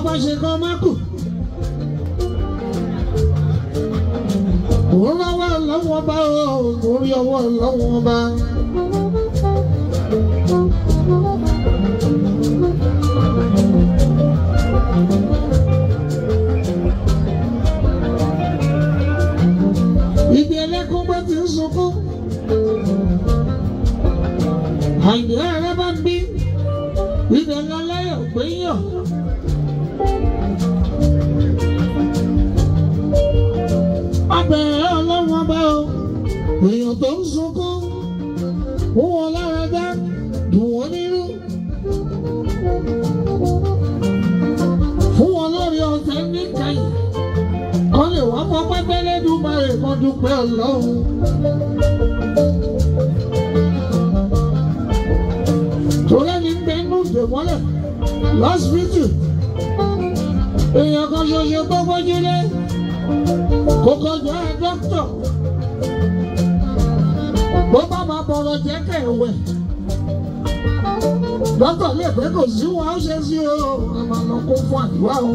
ọba ṣe kan má kù. Òun lọ́wọ́ lọ́wọ́ bá òògùn orí ọwọ́ lọ́wọ́ bá. Thank you. anytime. kọ́ lè wá fọ pẹ́pẹ́ lẹ́dùnmáyé kan dúpẹ́ ọlọ́run. torí ẹni ń bẹ inú ìdèmọ́lẹ̀ lọ́sibítù èèyàn kan ṣoṣo gbogbo jílé kò kọjá dókítà bó bá máa bọ̀rọ̀ jẹ́ kẹ̀wẹ̀ dókítà lè fẹ́ kò sí wọn ó ṣe sí o àmàlà kó fún àdúrà o.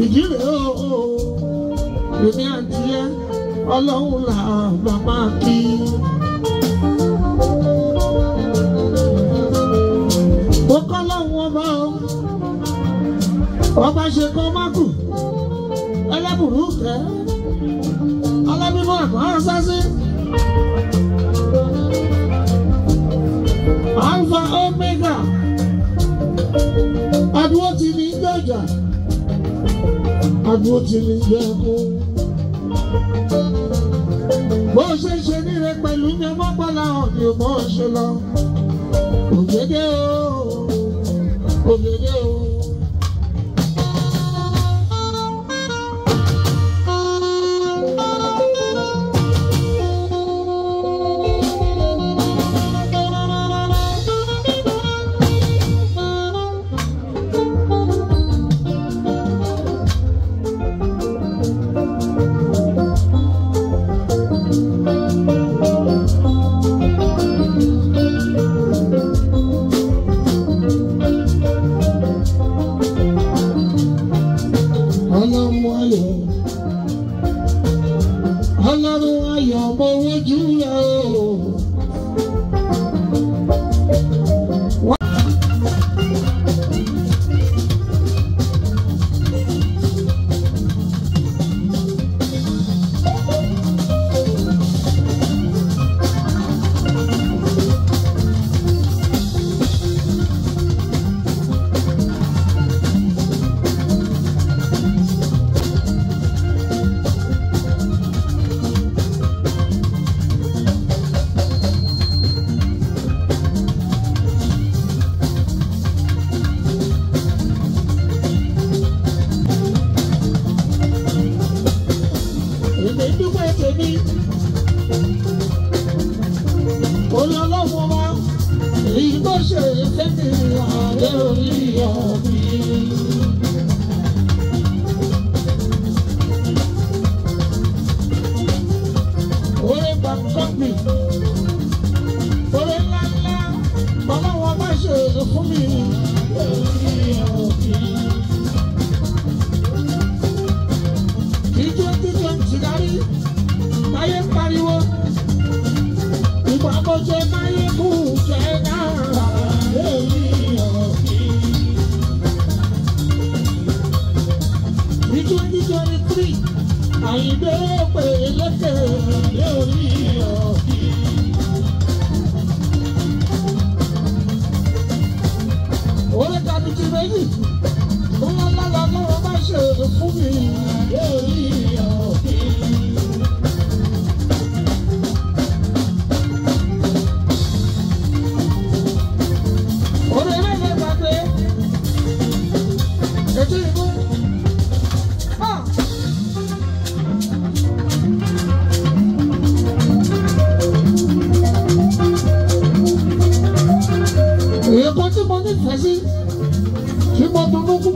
ìjì rẹ̀ o èmi àti ẹ ọlọ́run là bàbá kí. mo kọ́ lọ́hùn ọba o ọba ṣe kọ́ mákù ẹlẹ́bùrú kẹ́ ọlọ́bímọ àgbọ̀n ọ̀sán sí. adúró ti ní jẹ́ kú. bó ṣe ṣe níre pẹ̀lú yẹn mọ́gbọ́lá ọ̀dì bó ṣe lọ. ògèdè o ògèdè o. me.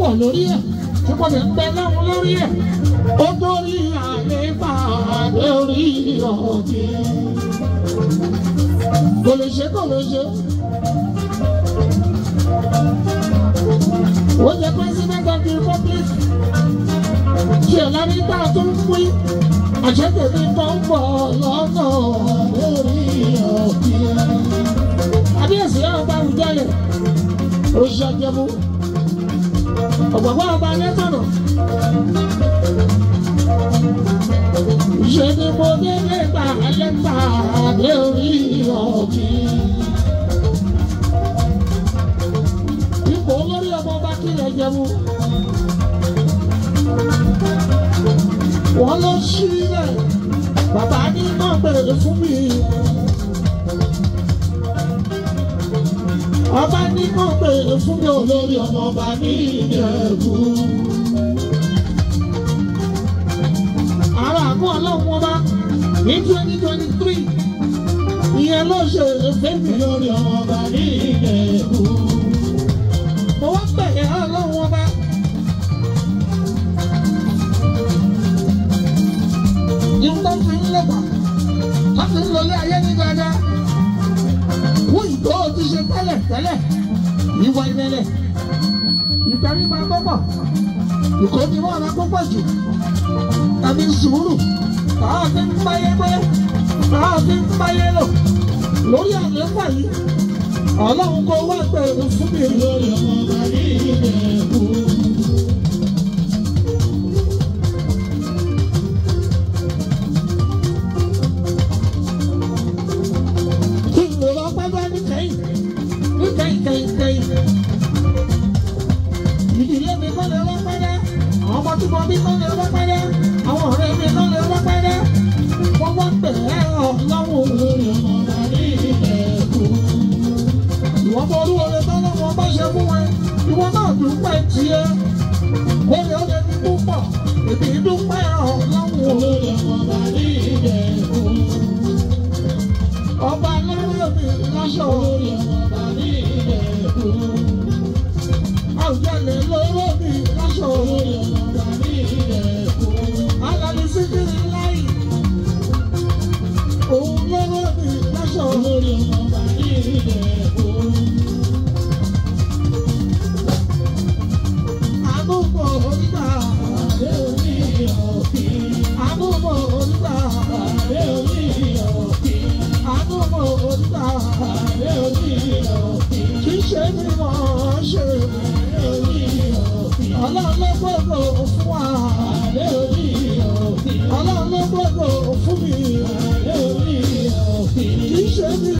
pọ̀ lórí ẹ̀ tí kò ní bẹ lọ́hùn lórí ẹ̀ ó dórí àlefa lórí ọ̀gbìn kò lè ṣe kò lè ṣe. ó jẹ president of the republic ṣe lárí tá a tó ń pín àṣẹ́tẹ̀mí tó ń bọ̀ lọ́nà lórí ọ̀gbìn. abíyèsí yàrá bá àwùjọ yẹn ó ṣàjẹmú ọ̀gbọ̀gbọ́ ọba lẹ́tọ̀nà. ṣe ni mo délé gbà lẹ́gbà lé orí ọ̀gbìn. ipò olórí ọmọ ọba kílẹ̀ jẹmu. wọ́n lọ sílẹ̀ bàbá ní mọ̀ pé fún mi. ọba ní kò pè fún mi olórí ọmọ ọba ní ìjẹ̀bú. ara àbọ̀ ọlọ́run ọba ní twenty twenty three ìyẹn ló ṣe fẹ́mi lórí ọmọ ọba ní ìjẹ̀bú. mo wá ọlọ́run. pẹ̀lẹ́ ìwà ìrẹ̀lẹ̀ ìtẹríba púpọ̀ ìkóniwọ́ra púpọ̀ jù tàbí sùúrù tàà fi ń báyé pé tàà fi ń báyé lò lórí àlééfà yìí ọlọ́run kó wá pẹ̀lú fún mi. lórí ọmọ bàbá yìí bẹ̀rẹ̀. ṣe ni wọ́n ṣe. ọlọ́run ló gbogbo